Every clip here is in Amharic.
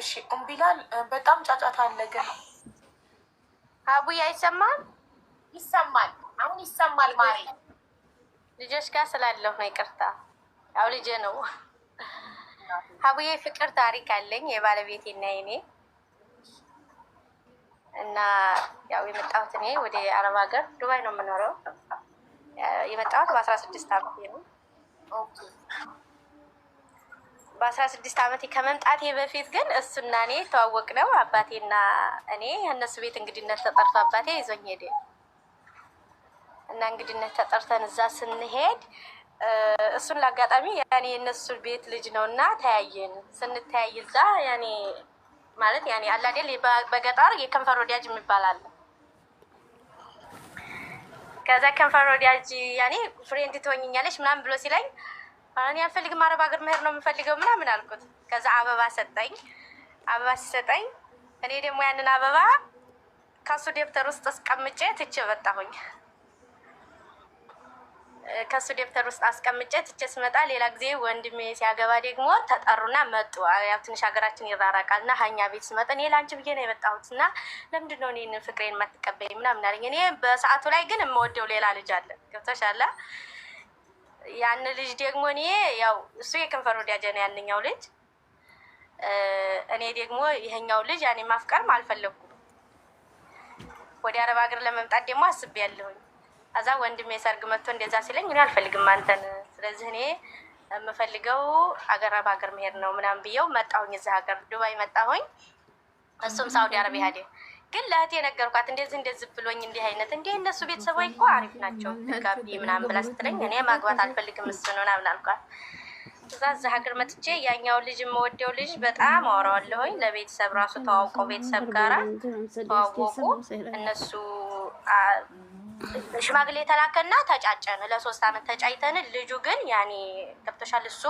እሺ እምቢላል በጣም ጫጫታ አለ። ግን አቡዬ አይሰማም? ይሰማል። አሁን ይሰማል። ማሪ ልጆች ጋር ስላለሁ ነው። ይቅርታ። ያው ልጄ ነው። አቡዬ ፍቅር ታሪክ አለኝ የባለቤቴና የኔ እና ያው የመጣሁት እኔ ወደ አረብ ሀገር ዱባይ ነው የምኖረው። የመጣሁት በአስራ ስድስት አመት ነው። በአስራ ስድስት ዓመቴ ከመምጣቴ በፊት ግን እሱና እኔ ተዋወቅ ነው። አባቴና እኔ እነሱ ቤት እንግድነት ተጠርቶ አባቴ ይዞኝ ሄደ እና እንግድነት ተጠርተን እዛ ስንሄድ እሱን ለአጋጣሚ ያኔ የእነሱ ቤት ልጅ ነው እና ተያየን። ስንተያይ እዛ ያኔ ማለት ያኔ አላዴል በገጠር የከንፈር ወዳጅ የሚባል አለ። ከዛ ከንፈር ወዳጅ ያኔ ፍሬንድ ትሆኝኛለሽ ምናምን ብሎ ሲለኝ እኔ አልፈልግም አረብ ሀገር መሄድ ነው የምፈልገው ምናምን አልኩት። ከዛ አበባ ሰጠኝ። አበባ ሲሰጠኝ እኔ ደግሞ ያንን አበባ ከሱ ደብተር ውስጥ አስቀምጬ ትቼ በጣሁኝ። ከሱ ደብተር ውስጥ አስቀምጬ ትቼ ስመጣ ሌላ ጊዜ ወንድሜ ሲያገባ ደግሞ ተጠሩና መጡ። ያው ትንሽ ሀገራችን ይራራቃል እና ሀኛ ቤት ስመጣ እኔ ለአንቺ ብዬ ነው የመጣሁት እና ለምንድን ነው እኔን ፍቅሬን የማትቀበይ ምናምን አለኝ። እኔ በሰዓቱ ላይ ግን የምወደው ሌላ ልጅ አለ ገብቶሻል ያን ልጅ ደግሞ እኔ ያው እሱ የከንፈር ወዳጄ ነው ያንኛው ልጅ። እኔ ደግሞ ይሄኛው ልጅ ያኔ ማፍቀርም አልፈለኩም። ወደ አረብ ሀገር ለመምጣት ደግሞ ያለሁኝ አዛ ወንድሜ ሰርግ መጥቶ እንደዛ ሲለኝ እኔ አልፈልግም አንተን፣ ስለዚህ እኔ የምፈልገው አገር አረብ ሀገር መሄድ ነው ምናምን ብየው መጣሁኝ። እዚህ ሀገር ዱባይ መጣሁኝ። እሱም ሳውዲ አረቢያ ሄደ። ግን ለእህቴ የነገርኳት እንደዚህ እንደዚህ ብሎኝ እንዲህ አይነት እንዲህ እነሱ ቤተሰቦች እኮ አሪፍ ናቸው ጋቢ ምናምን ብላ ስትለኝ እኔ ማግባት አልፈልግም እሱን ምናምን አልኳት። እዛ እዚህ ሀገር መጥቼ ያኛው ልጅ የምወደው ልጅ በጣም አወራዋለሁኝ። ለቤተሰብ ራሱ ተዋውቆ ቤተሰብ ጋራ ተዋወቁ እነሱ ሽማግሌ የተላከና ተጫጨን። ለሶስት አመት ተጫይተን ልጁ ግን ያኔ ገብቶሻል። እሱ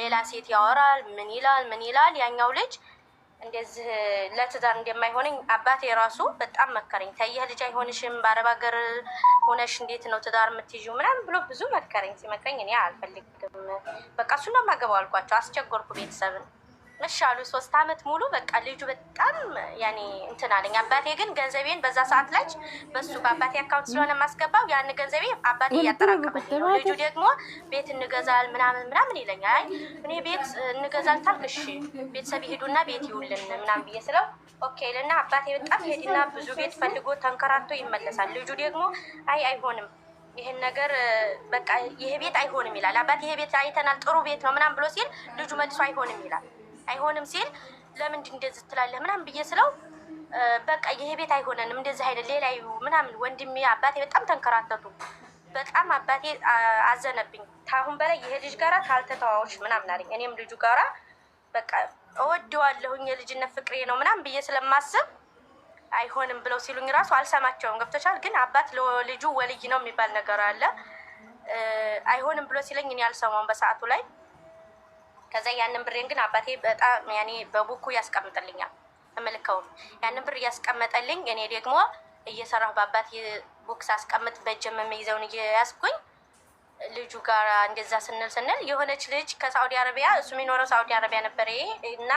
ሌላ ሴት ያወራል ምን ይላል ምን ይላል ያኛው ልጅ እንደዚህ ለትዳር እንደማይሆነኝ አባቴ ራሱ በጣም መከረኝ። ተየህ ልጅ አይሆንሽም፣ በአረብ ሀገር ሆነሽ እንዴት ነው ትዳር የምትይዥው ምናምን ብሎ ብዙ መከረኝ። ሲመከኝ እኔ አልፈልግም፣ በቃ እሱን ነው የማገባው አልኳቸው። አስቸገርኩ ቤተሰብን መሻሉ ሶስት አመት ሙሉ በቃ ልጁ በጣም ያኔ እንትን አለኝ። አባቴ ግን ገንዘቤን በዛ ሰዓት ላይ በሱ በአባቴ አካውንት ስለሆነ የማስገባው ያን ገንዘቤ አባቴ እያጠራቀመልኝ ልጁ ደግሞ ቤት እንገዛል ምናምን ምናምን ይለኛል። እኔ ቤት እንገዛል ታልክ እሺ ቤተሰብ ይሄዱና ቤት ይውልን ምናምን ብዬ ስለው ኦኬ ልና አባቴ በጣም ይሄድና ብዙ ቤት ፈልጎ ተንከራቶ ይመለሳል። ልጁ ደግሞ አይ አይሆንም ይህን ነገር በቃ ይሄ ቤት አይሆንም ይላል። አባት ይሄ ቤት አይተናል ጥሩ ቤት ነው ምናምን ብሎ ሲል ልጁ መልሶ አይሆንም ይላል። አይሆንም ሲል ለምንድ እንደዚህ ትላለህ ምናምን ብዬ ስለው በቃ ይሄ ቤት አይሆነንም እንደዚህ አይነት ሌላ ምናምን ወንድሜ አባቴ በጣም ተንከራተቱ። በጣም አባቴ አዘነብኝ። ከአሁን በላይ ይሄ ልጅ ጋራ ካልተተዋዎች ምናምን አለኝ። እኔም ልጁ ጋራ በቃ እወደዋለሁኝ የልጅነት ፍቅሬ ነው ምናምን ብዬ ስለማስብ አይሆንም ብለው ሲሉኝ ራሱ አልሰማቸውም። ገብቶቻል። ግን አባት ለልጁ ወልይ ነው የሚባል ነገር አለ። አይሆንም ብሎ ሲለኝ እኔ አልሰማውም በሰዓቱ ላይ ከዛ ያንን ብሬን ግን አባቴ በጣም ያኔ በቡኩ ያስቀምጥልኛል እምልከውን ያንን ብር እያስቀመጠልኝ እኔ ደግሞ እየሰራሁ በአባቴ ቡክ አስቀምጥ በእጅም የሚይዘውን እየያዝኩኝ ልጁ ጋር እንደዛ ስንል ስንል የሆነች ልጅ ከሳኡዲ አረቢያ እሱ የሚኖረው ሳኡዲ አረቢያ ነበር እና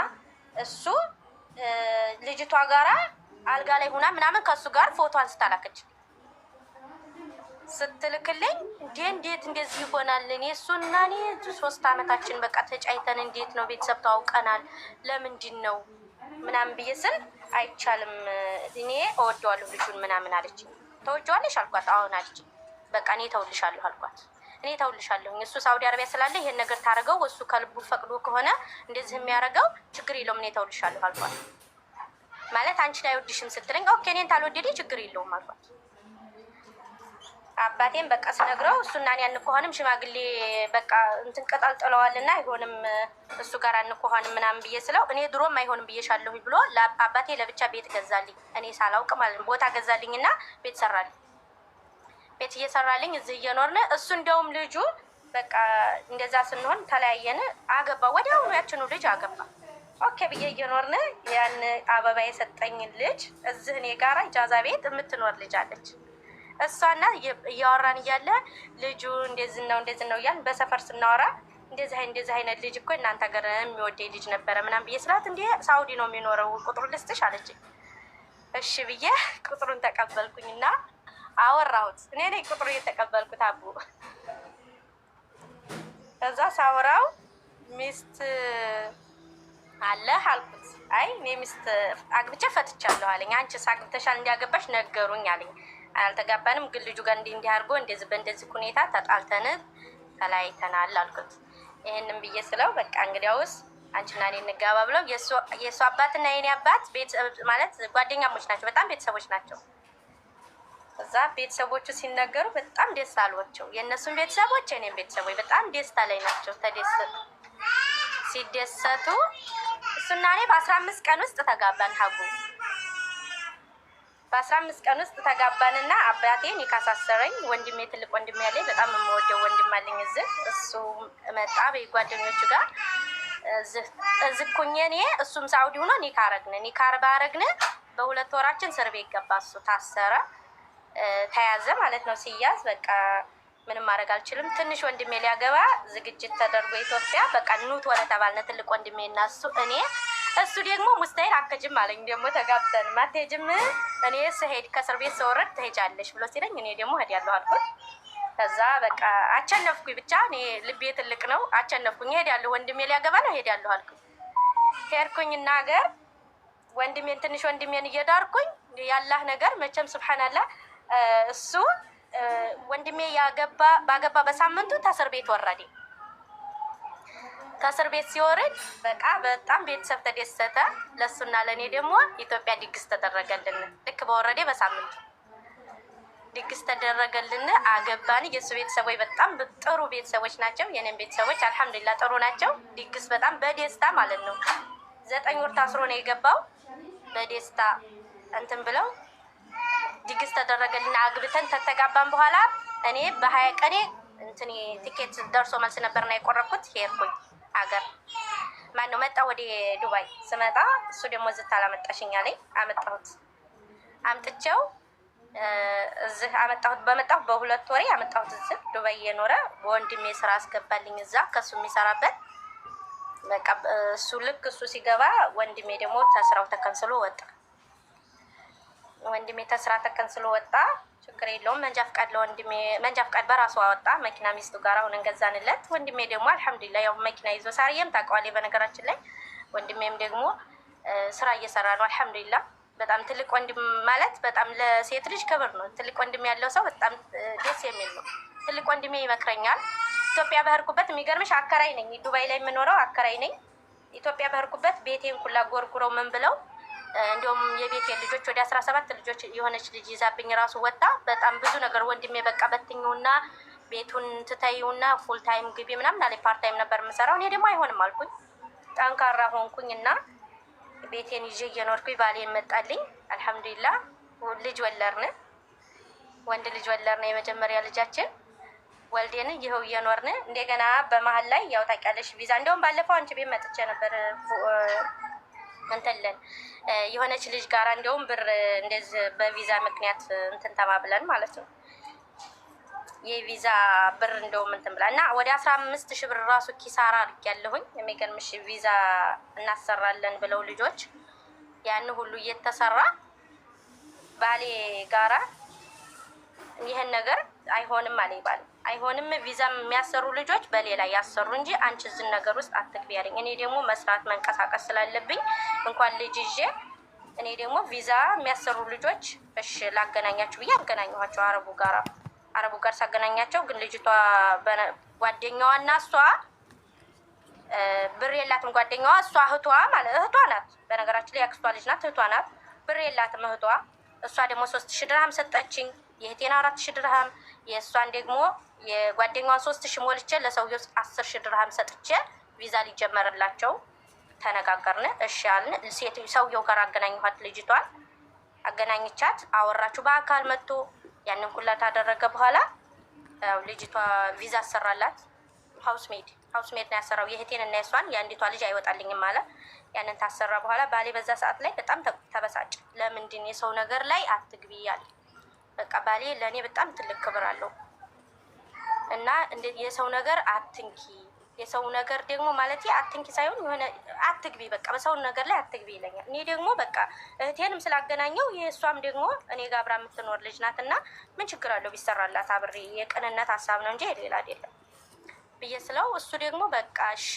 እሱ ልጅቷ ጋራ አልጋ ላይ ሁና ምናምን ከእሱ ጋር ፎቶ አንስታ ላከች። ስትልክልኝ እንዴ እንዴት እንደዚህ ይሆናል? እኔ እሱና እኔ ሶስት አመታችን በቃ ተጫይተን እንዴት ነው ቤተሰብ ተዋውቀናል፣ ለምንድን ነው ምናምን ብዬ ስል አይቻልም፣ እኔ እወደዋለሁ ልጁን ምናምን አለች። ተወጀዋለሽ አልኳት። አሁን አለች። በቃ እኔ ተውልሻለሁ አልኳት። እኔ ተውልሻለሁ እሱ ሳውዲ አረቢያ ስላለ ይሄን ነገር ታደርገው እሱ ከልቡ ፈቅዶ ከሆነ እንደዚህ የሚያደርገው ችግር የለውም፣ እኔ ተውልሻለሁ አልኳት። ማለት አንቺን አይወድሽም ስትለኝ ኦኬ እኔን ታልወደደ ችግር የለውም አልኳት። አባቴም በቃ ስነግረው እሱና እኔ አንኳኋንም ሽማግሌ በቃ እንትን ቅጠል ጥለዋልና አይሆንም እሱ ጋር አንኳኋንም ምናምን ብዬ ስለው እኔ ድሮም አይሆንም ብዬሻለሁ ብሎ አባቴ ለብቻ ቤት ገዛልኝ። እኔ ሳላውቅ ማለት ነው ቦታ ገዛልኝና ቤት ሰራልኝ። ቤት እየሰራልኝ እዚህ እየኖርን እሱ እንደውም ልጁ በቃ እንደዛ ስንሆን ተለያየን። አገባ ወዲያውኑ ያችኑ ልጅ አገባ። ኦኬ ብዬ እየኖርን ያን አበባ የሰጠኝን ልጅ እዚህ እኔ ጋራ ጃዛ ቤት የምትኖር ልጅ አለች እሷና እያወራን እያለ ልጁ እንደዚህ ነው እንደዚህ ነው እያልን በሰፈር ስናወራ እንደዚህ እንደዚህ አይነት ልጅ እኮ እናንተ ሀገር የሚወደኝ ልጅ ነበረ ምናምን ብዬ ስላት እንዲ ሳውዲ ነው የሚኖረው ቁጥሩ ልስጥሽ አለች። እሺ ብዬ ቁጥሩን እና አወራሁት። እኔ ነኝ ቁጥሩ እየተቀበልኩት አቡ። እዛ ሳውራው ሚስት አለ አልኩት። አይ እኔ ሚስት አግብቼ ፈትቻለሁ አለኝ። አንቺስ አግብተሻል እንዲያገባሽ ነገሩኝ አለኝ። አልተጋባንም፣ ግን ልጁ ጋር እንዲህ እንዲህ አድርጎ እንደዚህ በእንደዚህ ሁኔታ ተጣልተን ተለያይተናል አልኩት። ይህንም ብዬ ስለው በቃ እንግዲያውስ አንቺና እኔ እንጋባ ብለው የእሱ አባትና የኔ አባት ማለት ጓደኛሞች ናቸው፣ በጣም ቤተሰቦች ናቸው። እዛ ቤተሰቦቹ ሲነገሩ በጣም ደስ አሏቸው። የእነሱን ቤተሰቦች እኔም ቤተሰቦች በጣም ደስታ ላይ ናቸው። ተደስ ሲደሰቱ እሱና እኔ በአስራ አምስት ቀን ውስጥ ተጋባን ሀጉ በአስራ አምስት ቀን ውስጥ ተጋባንና አባቴን የካሳሰረኝ ወንድሜ ትልቅ ወንድሜ ያለ በጣም የምወደው ወንድም አለኝ። እዚህ እሱ መጣ በጓደኞቹ ጋር እዚህ ኩኜ እኔ እሱም ሳውዲ ሆኖ ኒካ አረግን። ኒካ ባረግን በሁለት ወራችን እስር ቤት ገባ። እሱ ታሰረ ተያዘ ማለት ነው። ሲያዝ በቃ ምንም ማድረግ አልችልም። ትንሽ ወንድሜ ሊያገባ ዝግጅት ተደርጎ ኢትዮጵያ በቃ ኑት ወለ ተባልነ። ትልቅ ወንድሜ እና እሱ እኔ እሱ ደግሞ ሙስታይል አከጅም አለኝ። ደግሞ ተጋብተን ማቴጅም እኔ ስሄድ ከእስር ቤት ስወረድ ትሄጃለሽ ብሎ ሲለኝ እኔ ደግሞ እሄዳለሁ አልኩት። ከዛ በቃ አቸነፍኩኝ። ብቻ እኔ ልቤ ትልቅ ነው። አቸነፍኩኝ። እሄዳለሁ ወንድሜ ሊያገባ ነው እሄዳለሁ አልኩኝ። ሄድኩኝ እና ሀገር ወንድሜን ትንሽ ወንድሜን እየዳርኩኝ ያላህ ነገር መቼም ስብሓናላ እሱ ወንድሜ ያገባ ባገባ በሳምንቱ ተእስር ቤት ወረዴ ከእስር ቤት ሲወርድ በቃ በጣም ቤተሰብ ተደሰተ። ለእሱና ለእኔ ደግሞ ኢትዮጵያ ድግስ ተደረገልን። ልክ በወረዴ በሳምንቱ ድግስ ተደረገልን። አገባን። የእሱ ቤተሰቦች በጣም ጥሩ ቤተሰቦች ናቸው። የኔም ቤተሰቦች አልሐምዱሊላ ጥሩ ናቸው። ድግስ በጣም በደስታ ማለት ነው። ዘጠኝ ወር ታስሮ ነው የገባው። በደስታ እንትን ብለው ድግስ ተደረገልን። አግብተን ተተጋባን በኋላ እኔ በሀያ ቀኔ እንትን ቲኬት ደርሶ መልስ ነበርና የቆረኩት ሄድኩኝ። አገር ነው መጣ ወደ ዱባይ ስመጣ እሱ ደግሞ ዝታ ላመጣሽኛ ላይ አመጣሁት አምጥቼው እዚህ አመጣሁት። በመጣሁት በሁለት ወሬ አመጣሁት። እዚህ ዱባይ እየኖረ በወንድሜ ስራ አስገባልኝ እዛ ከእሱ የሚሰራበት በቃ እሱ ልክ እሱ ሲገባ ወንድሜ ደግሞ ተስራው ተከንስሎ ወጣ። ወንድሜ ተስራ ተከንስሎ ወጣ። ችግር የለውም። መንጃ ፍቃድ ለወንድሜ መንጃ ፍቃድ በራሱ አወጣ መኪና ሚስቱ ጋር አሁን እንገዛንለት። ወንድሜ ደግሞ አልሐምዱሊላ ያው መኪና ይዞ ሳርየም ታውቀዋለህ። በነገራችን ላይ ወንድሜም ደግሞ ስራ እየሰራ ነው። አልሐምዱሊላ በጣም ትልቅ ወንድም ማለት በጣም ለሴት ልጅ ክብር ነው። ትልቅ ወንድም ያለው ሰው በጣም ደስ የሚል ነው። ትልቅ ወንድሜ ይመክረኛል። ኢትዮጵያ በህርኩበት የሚገርምሽ አከራይ ነኝ፣ ዱባይ ላይ የምኖረው አከራይ ነኝ። ኢትዮጵያ በህርኩበት ቤቴን ኩላ ጎርጉረው ምን ብለው እንዲሁም የቤት ልጆች ወደ አስራ ሰባት ልጆች የሆነች ልጅ ይዛብኝ ራሱ ወጣ። በጣም ብዙ ነገር ወንድሜ በቃ በትኝውና ቤቱን ትተይውና ፉል ታይም ግቢ ምናምን አለኝ። ፓርት ታይም ነበር የምሰራው እኔ ደግሞ አይሆንም አልኩኝ። ጠንካራ ሆንኩኝ እና ቤቴን ይዤ እየኖርኩኝ ባሌን መጣልኝ። አልሐምዱሊላ ልጅ ወለርን፣ ወንድ ልጅ ወለርን። የመጀመሪያ ልጃችን ወልዴን ይኸው እየኖርን እንደገና በመሀል ላይ ያው ታውቂያለሽ ቪዛ። እንደውም ባለፈው አንቺ ቤት መጥቼ ነበር እንትለን የሆነች ልጅ ጋር እንዲሁም ብር እንደዚህ በቪዛ ምክንያት እንትን ተባብለን ማለት ነው የቪዛ ብር እንደውም እንትን ብላ እና ወደ አስራ አምስት ሺህ ብር ራሱ ኪሳራ አድርግ ያለሁኝ የሚገርምሽ ቪዛ እናሰራለን ብለው ልጆች ያን ሁሉ እየተሰራ ባሌ ጋራ ይህን ነገር አይሆንም አለኝ ባል አይሆንም። ቪዛ የሚያሰሩ ልጆች በሌላ ያሰሩ እንጂ አንቺ እዚህ ነገር ውስጥ አትግቢ ያለኝ። እኔ ደግሞ መስራት መንቀሳቀስ ስላለብኝ እንኳን ልጅ ይዤ እኔ ደግሞ ቪዛ የሚያሰሩ ልጆች እሺ ላገናኛችሁ ብዬ አገናኘኋቸው አረቡ ጋር አረቡ ጋር ሳገናኛቸው ግን ልጅቷ ጓደኛዋ እና እሷ ብር የላትም። ጓደኛዋ እሷ እህቷ ማለት እህቷ ናት። በነገራችን ላይ ያክስቷ ልጅ ናት፣ እህቷ ናት። ብር የላትም እህቷ። እሷ ደግሞ ሶስት ሺ ድርሃም ሰጠችኝ የህቴን አራት ሺ ድርሃም የእሷን ደግሞ የጓደኛዋን ሶስት ሺ ሞልቼ ለሰውዬው አስር ሺ ድርሃም ሰጥቼ ቪዛ ሊጀመርላቸው ተነጋገርን። እሺ አልን። ሴት ሰውየው ጋር አገናኘኋት ልጅቷን አገናኝቻት አወራችሁ በአካል መጥቶ ያንን ኩላ ታደረገ በኋላ ልጅቷ ቪዛ አሰራላት። ሀውስሜድ ሀውስሜድ ነው ያሰራው የህቴን እና የሷን የአንዲቷ ልጅ አይወጣልኝም አለ። ያንን ታሰራ በኋላ ባሌ በዛ ሰዓት ላይ በጣም ተበሳጭ። ለምንድን የሰው ነገር ላይ አትግቢ አለ። በቃ ባሌ ለእኔ በጣም ትልቅ ክብር አለው እና የሰው ነገር አትንኪ፣ የሰው ነገር ደግሞ ማለት አትንኪ ሳይሆን የሆነ አትግቢ፣ በቃ በሰውን ነገር ላይ አትግቢ ይለኛል። እኔ ደግሞ በቃ እህቴንም ስላገናኘው የእሷም ደግሞ እኔ ጋር አብራ የምትኖር ልጅ ናት እና ምን ችግር አለው ቢሰራላት አብሬ፣ የቅንነት ሀሳብ ነው እንጂ የሌላ አይደለም ብዬ ስለው እሱ ደግሞ በቃ እሺ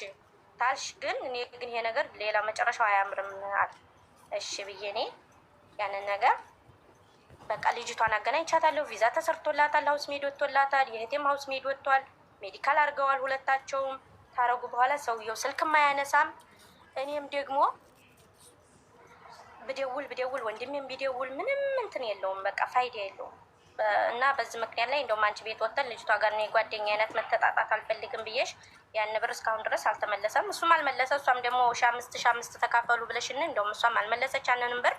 ታልሽ ግን እኔ ግን ይሄ ነገር ሌላ መጨረሻው አያምርም አለ። እሺ ብዬ እኔ ያንን ነገር በቃ ልጅቷን አገናኝቻታለሁ። ቪዛ ተሰርቶላታል፣ ሀውስ ሜድ ወጥቶላታል። የእህቴም ሀውስ ሜድ ወጥቷል። ሜዲካል አድርገዋል። ሁለታቸውም ታረጉ በኋላ ሰውየው ስልክም አያነሳም። እኔም ደግሞ ብደውል ብደውል ወንድሜም ቢደውል ምንም እንትን የለውም፣ በቃ ፋይዳ የለውም። እና በዚህ ምክንያት ላይ እንደውም አንቺ ቤት ወተን ልጅቷ ጋር ነው የጓደኛ አይነት መተጣጣት አልፈልግም ብዬሽ ያን ብር እስካሁን ድረስ አልተመለሰም። እሱም አልመለሰ። እሷም ደግሞ ሺ አምስት ሺ አምስት ተካፈሉ ብለሽን እንደውም እሷም አልመለሰች ያንንም ብር።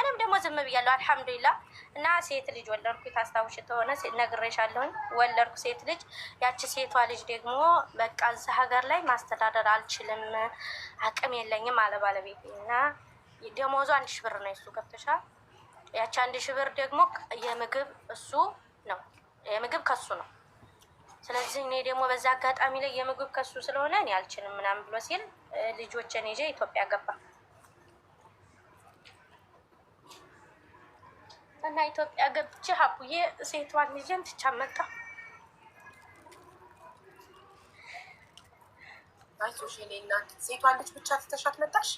እኔም ደግሞ ዝም ብያለሁ አልሐምዱሊላ። እና ሴት ልጅ ወለድኩ፣ የታስታውሽ ተሆነ ነግሬሻለሁኝ። ወለድኩ ሴት ልጅ። ያቺ ሴቷ ልጅ ደግሞ በቃ እዚህ ሀገር ላይ ማስተዳደር አልችልም፣ አቅም የለኝም አለ ባለቤቴ። እና ደሞዙ አንድ ሺ ብር ነው የሱ ገብተሻል ያች አንድ ሺህ ብር ደግሞ የምግብ እሱ ነው የምግብ ከሱ ነው። ስለዚህ እኔ ደግሞ በዛ አጋጣሚ ላይ የምግብ ከሱ ስለሆነ እኔ አልችልም ምናምን ብሎ ሲል ልጆችን ይዤ ኢትዮጵያ ገባ እና ኢትዮጵያ ገብቼ ሀቡዬ ሴቷን ልጅን ትቻ መጣ። አይዞሽ እናት ሴቷን ልጅ ብቻ ትተሻት መጣሽ?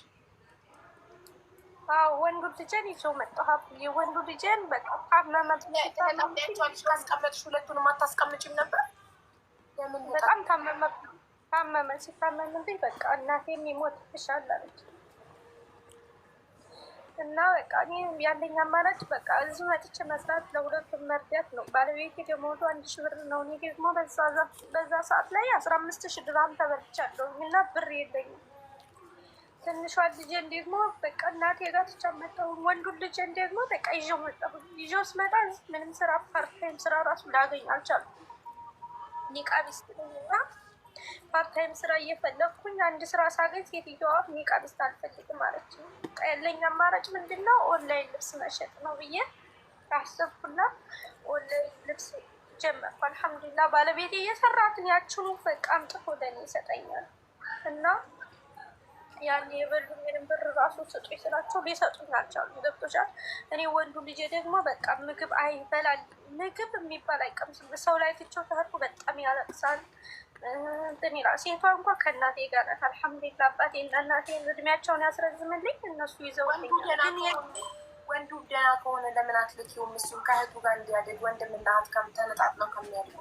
ወንዱ ልጄን ይዞ መጣ። የወንዱ ልጄን በጣም አስቀመጥሽ። ሁለቱንም አታስቀምጪም ነበር? በጣም ታመመ። ሲታመምብኝ በቃ እናቴም ይሞትብሻል አለች እና በቃ እኔ ያለኝ አማራጭ በቃ እዚህ መጥቼ መስራት ለሁለቱም መርዳት ነው። ባለቤቴ ደሞዙ አንድ ሺህ ብር ነው። እኔ ደግሞ በዛ ሰዓት ላይ አስራ አምስት ሺህ ድራም ተበልቻለሁ እና ብር የለኝም ትንሿን ልጄን ደግሞ በቃ እናቴ ጋር ትቻ መጣሁ። ወንዱን ልጄን ደግሞ በቃ ይዤው መጣሁ። ይዤው ስመጣ ምንም ስራ ፓርታይም ስራ ራሱ ላገኝ አልቻልኩም። ኒቃብ ስትለኝና ፓርታይም ስራ እየፈለግኩኝ አንድ ስራ ሳገኝ ሴትዮዋ ኒቃብ ስት አልፈልግም አለች። በቃ ያለኝ አማራጭ ምንድን ነው? ኦንላይን ልብስ መሸጥ ነው ብዬ አሰብኩና ኦንላይን ልብስ ጀመርኩ። አልሐምዱሊላ ባለቤቴ እየሰራትን ያችኑ በቃ አምጥቶ ለእኔ ይሰጠኛል እና ያኔ የበሉኝንም ብር ራሱ ስጡኝ ስላቸው ሊሰጡኝ አልቻሉም። ገብቶሻል። እኔ ወንዱ ልጄ ደግሞ በቃ ምግብ አይበላል፣ ምግብ የሚባል አይቀምስም። ሰው ላይ ትቼው ተህርኩ በጣም ያለቅሳል። እንትን ይላል። ሴቷ እንኳ ከእናቴ ጋር ናት። አልሐምዱሊላ አባቴ እና እናቴ እድሜያቸውን ያስረዝምልኝ እነሱ ይዘውልኝ። ወንዱ ደህና ከሆነ ለምን አትልኪውም? እሱም ከእህቱ ጋር እንዲያደግ ወንድምና እህት ከምተነጣጥለው ከሚያድጉ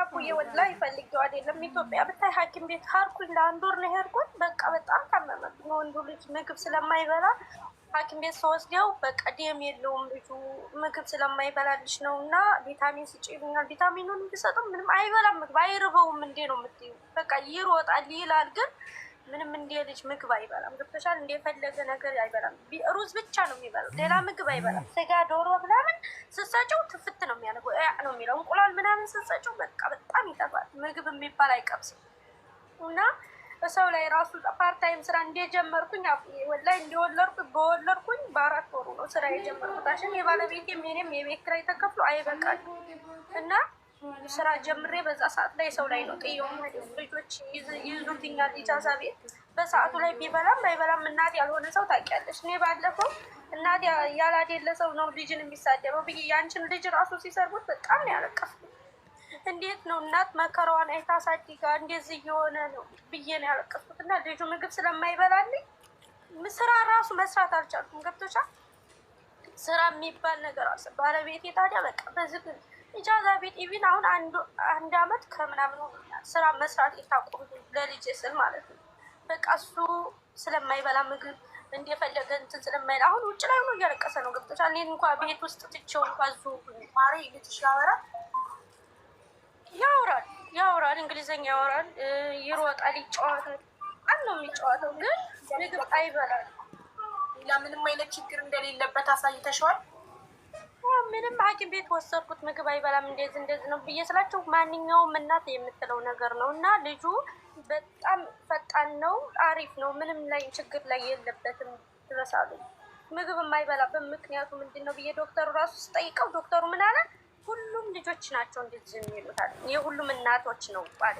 አቡዬ ወላሂ ፈልጌዋል። የለም ኢትዮጵያ ብታይ ሐኪም ቤት እንደ አንድ ወር ነው የሄድኩት። በቃ በጣም ታመመብኝ። ወንዱ ልጅ ምግብ ስለማይበላ ሐኪም ቤት ስወስደው በቃ የለውም ልጁ ምግብ ስለማይበላልሽ ነው እና ቪታሚን ስጭ ይሉኛል። ቪታሚኑን ብሰጥም ምንም አይበላም ምግብ አይርበውም። እንዴ ነው የምትይው? በቃ ይሮጣል ይላል ግን ምንም እንደ ልጅ ምግብ አይበላም። ገብቶሻል? እንደፈለገ ነገር አይበላም። ሩዝ ብቻ ነው የሚበላው፣ ሌላ ምግብ አይበላም። ስጋ፣ ዶሮ ምናምን ስትሰጪው ትፍት ነው የሚያደርገው ነው የሚለው። እንቁላል ምናምን ስትሰጪው በቃ በጣም ይጠፋል። ምግብ የሚባል አይቀምስም። እና ሰው ላይ ራሱ ፓርታይም ስራ እንደጀመርኩኝ ላይ እንደወለድኩ በወለድኩኝ በአራት ወሩ ነው ስራ የጀመርኩታሽን የባለቤት የባለቤቴም የቤት ኪራይ ተከፍሎ አይበቃል እና ስራ ጀምሬ በዛ ሰዓት ላይ ሰው ላይ ነው ጥየው ልጆች ይዙትኛል ኢጃዛ ቤት በሰዓቱ ላይ ቢበላም ባይበላም እናት ያልሆነ ሰው ታውቂያለሽ። እኔ ባለፈው እናት ያላደለ ሰው ነው ልጅን የሚሳደበው ብዬ ያንችን ልጅ ራሱ ሲሰርቡት በጣም ነው እንዴት ነው እናት መከራዋን አይታ ሳድጋ እንደዚህ እየሆነ ነው ብዬ ነው ያለቀፍኩት። እና ልጁ ምግብ ስለማይበላልኝ ስራ ራሱ መስራት አልቻልኩም። ገብቶቻ ስራ የሚባል ነገር አለ። ባለቤቴ ታዲያ በቃ በዚህ ኢጃዛ ቤት ኢቪን አሁን አንድ አመት ከምናምን ስራ መስራት የታቆም ለልጅ ስል ማለት ነው። በቃ እሱ ስለማይበላ ምግብ እንደፈለገ እንትን ስለማይል አሁን ውጭ ላይ ሆኖ እያለቀሰ ነው። ገብቶሻል? እኔን እንኳ ቤት ውስጥ ትቼው እንኳ ዙ ማሪ ልትሽ ያወራል ያወራል ያወራል እንግሊዝኛ ያወራል፣ ይሮጣል፣ ይጫወታል። አንድ ነው የሚጫወተው፣ ግን ምግብ አይበላል። ለምንም አይነት ችግር እንደሌለበት አሳይተሸዋል። ምንም ሐኪም ቤት ወሰድኩት ምግብ አይበላም እንደዚህ እንደዚህ ነው ብዬ ስላቸው ማንኛውም እናት የምትለው ነገር ነው። እና ልጁ በጣም ፈጣን ነው፣ አሪፍ ነው፣ ምንም ላይ ችግር ላይ የለበትም ድረስ ምግብ የማይበላበት ምክንያቱ ምንድን ነው ብዬ ዶክተሩ ራሱ ስጠይቀው ዶክተሩ ምን አለ፣ ሁሉም ልጆች ናቸው እንደዚህ የሚሉታል፣ የሁሉም እናቶች ነው አለ።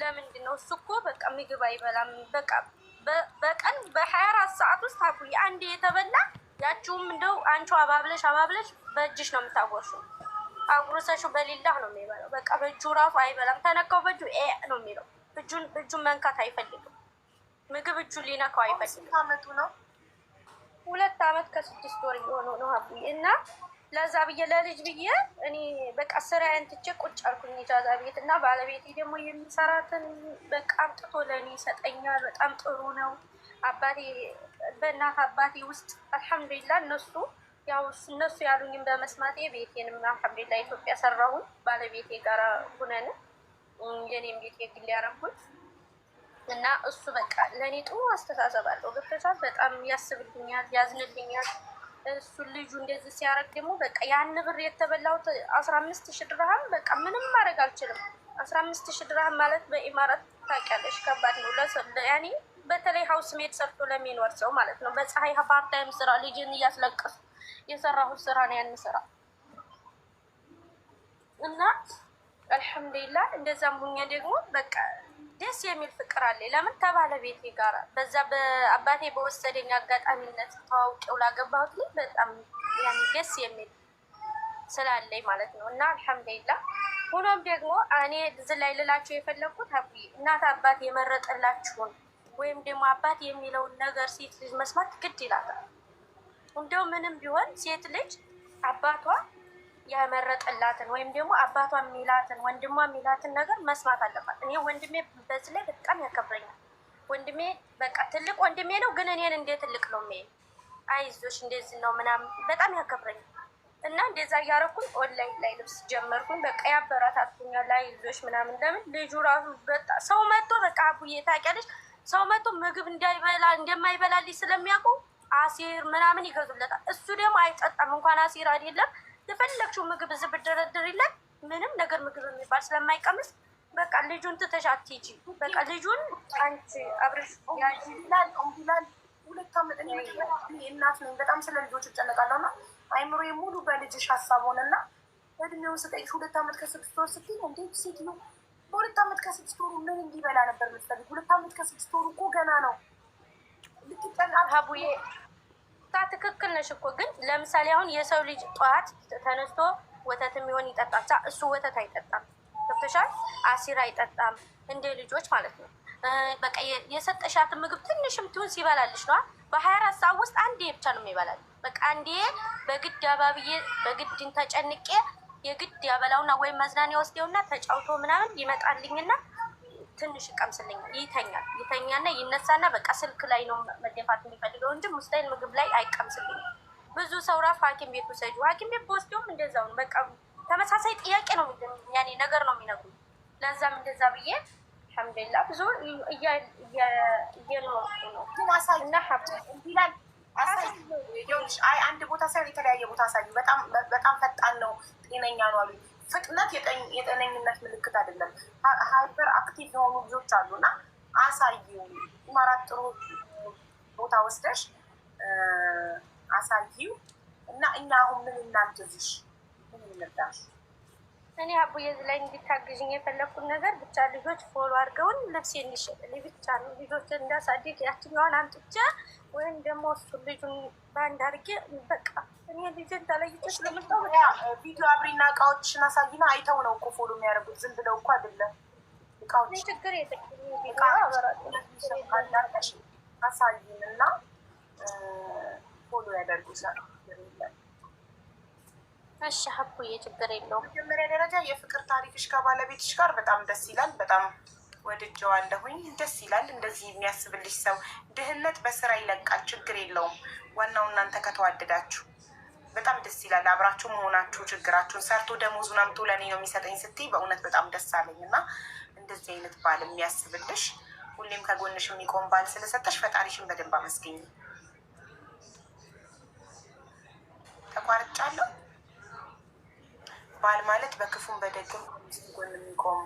ለምንድን ነው እሱ እኮ በቃ ምግብ አይበላም በቃ በቀን በሀያ አራት ሰዓት ውስጥ አኩ አንዴ የተበላ ያችሁም እንደው አንቺው አባብለሽ አባብለሽ በእጅሽ ነው የምታጎርሺው። አጉርሰሽው በሊላህ ነው የሚበላው። በቃ በእጁ ራሱ አይበላም። ተነካው በእጁ ኤ ነው የሚለው። እጁን እጁን መንካት አይፈልግም። ምግብ እጁን ሊነካው አይፈልግም። አመቱ ነው ሁለት አመት ከስድስት ወር እየሆነው ነው ሀቡዬ እና ለዛ ብዬ ለልጅ ብዬ እኔ በቃ ስራዬን ትቼ ቁጭ አልኩኝ። ጃዛ ቤት እና ባለቤቴ ደግሞ የሚሰራትን በቃ አምጥቶ ለእኔ ይሰጠኛል። በጣም ጥሩ ነው። አባቴ በእናት አባቴ ውስጥ አልሐምዱሊላ እነሱ ያው እነሱ ያሉኝም በመስማቴ ቤቴንም አልሐምዱሊላ ኢትዮጵያ ሰራሁን ባለቤቴ ጋር ሁነን የኔም ቤት የግል ያረኩት እና እሱ በቃ ለእኔ ጥሩ አስተሳሰብ አለው። ገብቶሻል? በጣም ያስብልኛል፣ ያዝንልኛል። እሱ ልጁ እንደዚህ ሲያደርግ ደግሞ በቃ ያን ብር የተበላሁት አስራ አምስት ሺ ድርሃም በቃ ምንም ማድረግ አልችልም። አስራ አምስት ሺ ድርሃም ማለት በኢማራት ታውቂያለሽ ከባድ ነው ያኔ በተለይ ሀውስ ሜድ ሰርቶ ለሚኖር ሰው ማለት ነው። በፀሐይ ፓርታይም ስራ ልጅን እያስለቀሱ የሰራሁት ስራ ነው ያን ስራ እና አልሐምዱሊላ እንደዛም ሁኜ ደግሞ በቃ ደስ የሚል ፍቅር አለ። ለምን ከባለቤቴ ጋር በዛ በአባቴ በወሰደኝ አጋጣሚነት ተዋውቄው ላገባሁት ላይ በጣም ያን ደስ የሚል ስላለኝ ማለት ነው እና አልሐምዱሊላ። ሆኖም ደግሞ እኔ እዚህ ላይ ልላቸው የፈለግኩት አብይ እናት አባት የመረጠላችሁን ወይም ደግሞ አባት የሚለውን ነገር ሴት ልጅ መስማት ግድ ይላታል። እንደው ምንም ቢሆን ሴት ልጅ አባቷ ያመረጠላትን ወይም ደግሞ አባቷ የሚላትን ወንድሟ የሚላትን ነገር መስማት አለባት። እኔ ወንድሜ በዚህ ላይ በጣም ያከብረኛል። ወንድሜ በቃ ትልቅ ወንድሜ ነው፣ ግን እኔን እንደ ትልቅ ነው ሜ አይዞች እንደዚህ ነው ምናምን በጣም ያከብረኛል። እና እንደዛ እያረኩኝ ኦንላይን ላይ ልብስ ጀመርኩኝ። በቃ ያበረታቱኛል፣ አይዞሽ ምናምን። ለምን ልጁ ራሱ በጣ ሰው መጥቶ በቃ አቡዬ ታውቂያለሽ፣ ሰው መጥቶ ምግብ እንዳይበላ እንደማይበላልኝ ስለሚያውቁ አሲር ምናምን ይገዙለታል። እሱ ደግሞ አይጠጣም። እንኳን አሲር አይደለም የፈለግሽው ምግብ እዚህ ብደረድርለት ምንም ነገር ምግብ የሚባል ስለማይቀምስ በቃ ልጁን ትተሽ አትሄጂ። በቃ ልጁን አንቺ አብረሽ ያጅላል ኦምቢላል ሁለት ዓመት እናት ነኝ። በጣም ስለ ልጆች እጨነቃለሁ እና አይምሮ ሙሉ በልጅሽ ሀሳብ ሆነና እድሜውን ስጠይሽ ሁለት ዓመት ከስድስት ወር ስትይ ሴት ነው በሁለት ዓመት ከስድስት ወሩ ምን እንዲበላ ነበር የምትፈልግ? ሁለት ዓመት ከስድስት ወሩ እኮ ገና ነው ልትጠላ ሀቡዬ ትክክል ነሽ እኮ ግን ለምሳሌ አሁን የሰው ልጅ ጠዋት ተነስቶ ወተት የሚሆን ይጠጣል። እሱ ወተት አይጠጣም፣ ገብቶሻል? አሲር አይጠጣም፣ እንደ ልጆች ማለት ነው። በቃ የሰጠሻት ምግብ ትንሽም ትሁን ሲበላልሽ ነዋ። በሀያ አራት ሰዓት ውስጥ አንዴ ብቻ ነው የሚበላል። በቃ አንዴ በግድ አባብዬ በግድን ተጨንቄ የግድ ያበላውና ወይም መዝናኛ ወስደውና ተጫውቶ ምናምን ይመጣልኝና ትንሽ ቀምስልኝ ይተኛል። ይተኛና ይነሳና በቃ ስልክ ላይ ነው መደፋት የሚፈልገው እንጂ ሙስታይል ምግብ ላይ አይቀምስልኝ። ብዙ ሰው ራፍ ሐኪም ቤት ውሰጁ፣ ሐኪም ቤት እንደዛው ነው። በቃ ተመሳሳይ ጥያቄ ነው ያኔ ነገር ነው የሚነግሩ። ለዛም እንደዛ ብዬ አልሐምዱሊላ ብዙ እየኖርኩ ነው እና ሀብላል አንድ ቦታ ሳይሆን የተለያየ ቦታ አሳዩ። በጣም ፈጣን ነው፣ ጤነኛ ነው አሉ ፍጥነት የጠነኝነት ምልክት አይደለም። ሃይፐር አክቲቭ የሆኑ ልጆች አሉና አሳዩ ማራት ጥሩ ቦታ ወስደሽ አሳዩ እና እኛ አሁን ምን እናግዝሽ? ምን እንርዳሽ? እኔ አቡዬ እዚህ ላይ እንዲታግዥኝ የፈለግኩት ነገር ብቻ ልጆች ፎሎ አድርገውን ነፍሴ እንዲሸጥል ብቻ ነው። ልጆች እንዳሳድግ ያችኛዋን አምጥቼ ወይም ደግሞ እሱ ልጁን በአንድ አድርጌ በቃ እኔ ልጅን ተለይቼ ስለምጣው ቪዲዮ አብሪና እቃዎችን አሳይና አይተው ነው እኮ ፎሎ የሚያደርጉት ዝም ብለው እኮ አይደለም። እቃዎች ችግር የለውም አሳይን እና ፎሎ ያደርጉ ይላሉ። እሺ ሀኩዬ፣ ችግር የለውም። መጀመሪያ ደረጃ የፍቅር ታሪክሽ ከባለቤትሽ ጋር በጣም ደስ ይላል። በጣም ወድጀዋለሁኝ። ደስ ይላል እንደዚህ የሚያስብልሽ ሰው። ድህነት በስራ ይለቃል። ችግር የለውም። ዋናው እናንተ ከተዋደዳችሁ በጣም ደስ ይላል። አብራችሁ መሆናችሁ ችግራችሁን ሰርቶ ደሞዙን አምቶ ለእኔ ነው የሚሰጠኝ ስትይ በእውነት በጣም ደስ አለኝ እና እንደዚህ አይነት ባል የሚያስብልሽ ሁሌም ከጎንሽ የሚቆም ባል ስለሰጠሽ ፈጣሪሽን በደንብ አመስገኝ። ተቋርጫለሁ። ባል ማለት በክፉም በደግም ጎን የሚቆሙ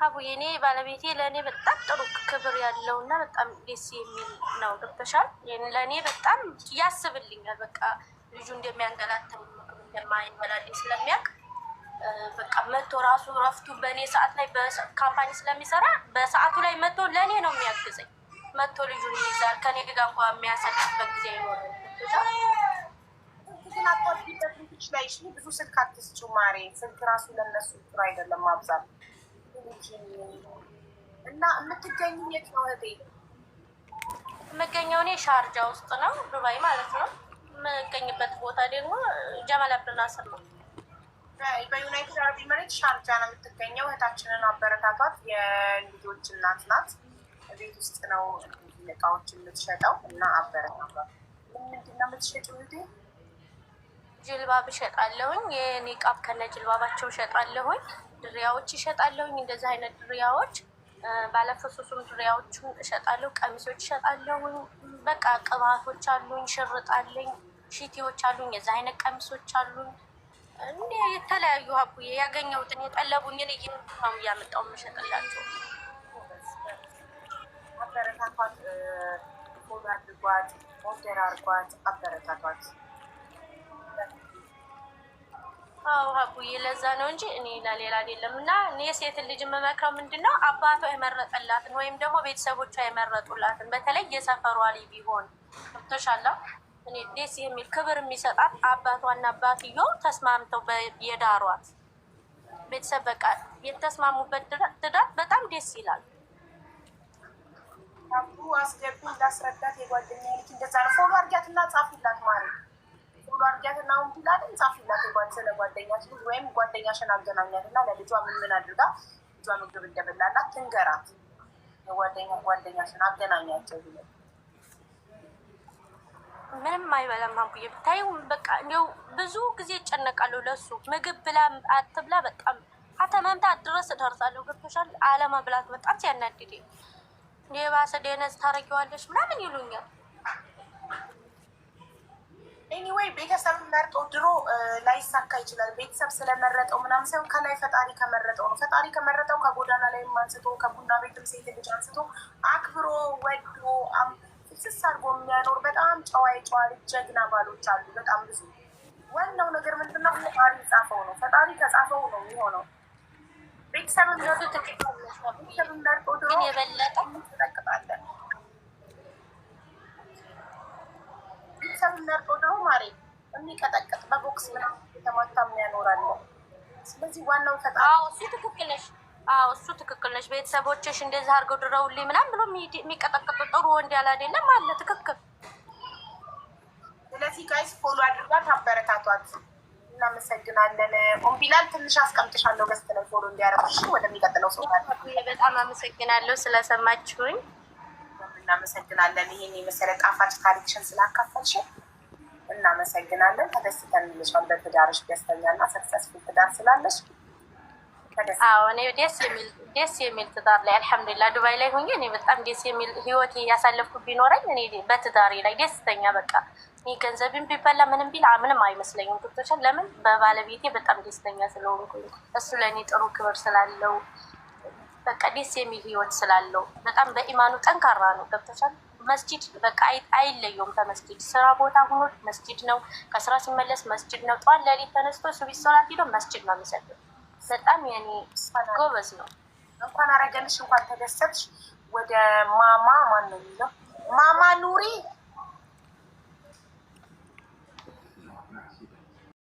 ሀቡ የኔ ባለቤቴ ለእኔ በጣም ጥሩ ክብር ያለው እና በጣም ደስ የሚል ነው። ገብተሻል? ለእኔ በጣም ያስብልኛል። በቃ ልጁ እንደሚያንገላተው ምግብ እንደማይበላልኝ ስለሚያውቅ በቃ መቶ ራሱ ረፍቱ በእኔ ሰዓት ላይ ካምፓኒ ስለሚሰራ በሰዓቱ ላይ መቶ ለእኔ ነው የሚያግዘኝ። መቶ ልጁን ይይዛል። ከኔ ጋር እንኳ የሚያሳልፍበት ጊዜ ይኖረ ስላቆልበት ልጅ ላይ ብዙ ስልክ አትስጪው ማሬ። ስልክ ራሱ ለነሱ ጥሩ አይደለም ማብዛት እና የምትገኙ የት ነው እህቴ? የምገኘው እኔ ሻርጃ ውስጥ ነው፣ ዱባይ ማለት ነው። የምገኝበት ቦታ ደግሞ ጀማል አብዱልናስር ነው። በዩናይትድ አረብ ኤምሬት ሻርጃ ነው የምትገኘው። እህታችንን አበረታቷት። የልጆች እናት ናት። ቤት ውስጥ ነው እቃዎች የምትሸጠው እና አበረታቷት። ምንድን ነው የምትሸጪው እህቴ? ጅልባብ እሸጣለሁኝ፣ የኒቃብ ከነ ጅልባባቸው እሸጣለሁኝ፣ ድሪያዎች እሸጣለሁኝ። እንደዚህ አይነት ድሪያዎች ባለፈሶሱም ድሪያዎቹ እሸጣለሁ፣ ቀሚሶች እሸጣለሁኝ። በቃ ቅባቶች አሉኝ፣ ሽርጣለኝ፣ ሺቲዎች አሉኝ፣ የዚህ አይነት ቀሚሶች አሉኝ። እንደ የተለያዩ ሀቡዬ ያገኘሁትን የጠለቡኝን እየነው እያመጣው የምሸጥላቸው አበረታቷት፣ ሞባል ጓት፣ ሞደር አርጓት፣ አበረታቷት ሞባል አድርጓት፣ ሞደር አርጓት አበረታቷት አዎ ሀቡዬ ለዛ ነው እንጂ እኔ ለሌላ አይደለም። እና እኔ ሴት ልጅ የምመክረው ምንድን ነው አባቷ የመረጠላትን ወይም ደግሞ ቤተሰቦቿ የመረጡላትን በተለይ የሰፈሯ ልጅ ቢሆን ገብቶሻል። እኔ ደስ የሚል ክብር የሚሰጣት አባቷና አባትዮ ተስማምተው የዳሯት ቤተሰብ በቃ የተስማሙበት ትዳር በጣም ደስ ይላል። አቡ አስገቢ ላስረዳት የጓደኛ ልጅ እንደዛ ነው። ፎሎ አድርጊያትና ጻፊላት ማለት ሙሉ አድርጊያትና አሁን ላለን ጻፊላት ስለ ጓደኛሽ ልጅ ወይም ጓደኛሽን አገናኛትና ለልጇ ምን ምን አድርጋ ልጇ ምግብ እንደበላላት ትንገራት። የጓደኛ ጓደኛሽን አገናኛቸው ብለ ምንም አይበላም። አቡዬ ብታዩ በቃ እንዲያው ብዙ ጊዜ እጨነቃለሁ ለሱ ምግብ ብላ አትብላ በጣም አተመምታት ድረስ እደርሳለሁ። ገብቶሻል? አለመብላት በጣም ሲያናድድ የባሰ ደነዝ ታረጊዋለሽ ምናምን ይሉኛል። ኤኒዌይ ቤተሰብ መርጦ ድሮ ላይሳካ ይችላል። ቤተሰብ ስለመረጠው ምናምን ሳይሆን ከላይ ፈጣሪ ከመረጠው ነው። ፈጣሪ ከመረጠው ከጎዳና ላይም አንስቶ ከቡና ቤትም ሴት ልጅ አንስቶ አክብሮ ወዶ ስስ አድርጎ የሚያኖር በጣም ጨዋ የጨዋ ልጅ ጀግና ባሎች አሉ በጣም ብዙ። ዋናው ነገር ምንድነው? ፈጣሪ ጻፈው ነው። ፈጣሪ ከጻፈው ነው የሚሆነው። ቤተሰብ ቤተሰብ መርጦ ድሮ ተጠቅጣለን ከምናርገው ደግሞ ማሬ የሚቀጠቀጥ በቦክስ የተማታ የሚያኖራለ። ስለዚህ ዋናው ፈጣ እሱ ትክክል ነሽ። አዎ እሱ ትክክል ነሽ። ቤተሰቦችሽ እንደዚህ አድርገው ድረውልኝ ምናም ብሎ የሚቀጠቅጥ ጥሩ ወንድ ያለ አይደለም አለ። ትክክል። ስለዚህ ጋይስ ፎሎ አድርጓት፣ አበረታቷት። እናመሰግናለን። ኦምቢላል ትንሽ አስቀምጥሻለሁ። በስተላይ ፎሎ እንዲያረጉሽ ወደሚቀጥለው ሰው በጣም አመሰግናለሁ ስለሰማችሁኝ። እናመሰግናለን። ይህን የመሰለ ጣፋጭ ታሪክሽን ስላካፈልሽ እናመሰግናለን። ተደስተን እንልሻል። በትዳርሽ ደስተኛ እና ሰክሰስፉል ትዳር ስላለሽ እኔ ደስ የሚል ትዳር ላይ አልሐምዱሊላ ዱባይ ላይ ሆኜ እኔ በጣም ደስ የሚል ህይወት እያሳለፍኩ ቢኖረኝ እኔ በትዳሪ ላይ ደስተኛ በቃ እኔ ገንዘብን ቢበላ ምንም ቢል ምንም አይመስለኝም። ገብቶሻል? ለምን በባለቤቴ በጣም ደስተኛ ስለሆንኩኝ እሱ ለእኔ ጥሩ ክብር ስላለው በቃ ደስ የሚል ህይወት ስላለው በጣም በኢማኑ ጠንካራ ነው። ገብተሻል። መስጂድ በቃ አይለየውም ከመስጂድ ስራ ቦታ ሆኖ መስጂድ ነው። ከስራ ሲመለስ መስጂድ ነው። ጠዋት ለሊት ተነስቶ ሱቢት ሶላት ሄዶ መስጂድ ነው የሚሰግደው። በጣም የኔ ጎበዝ ነው። እንኳን አረገልሽ እንኳን ተደሰትሽ። ወደ ማማ ማን ነው የሚለው ማማ ኑሪ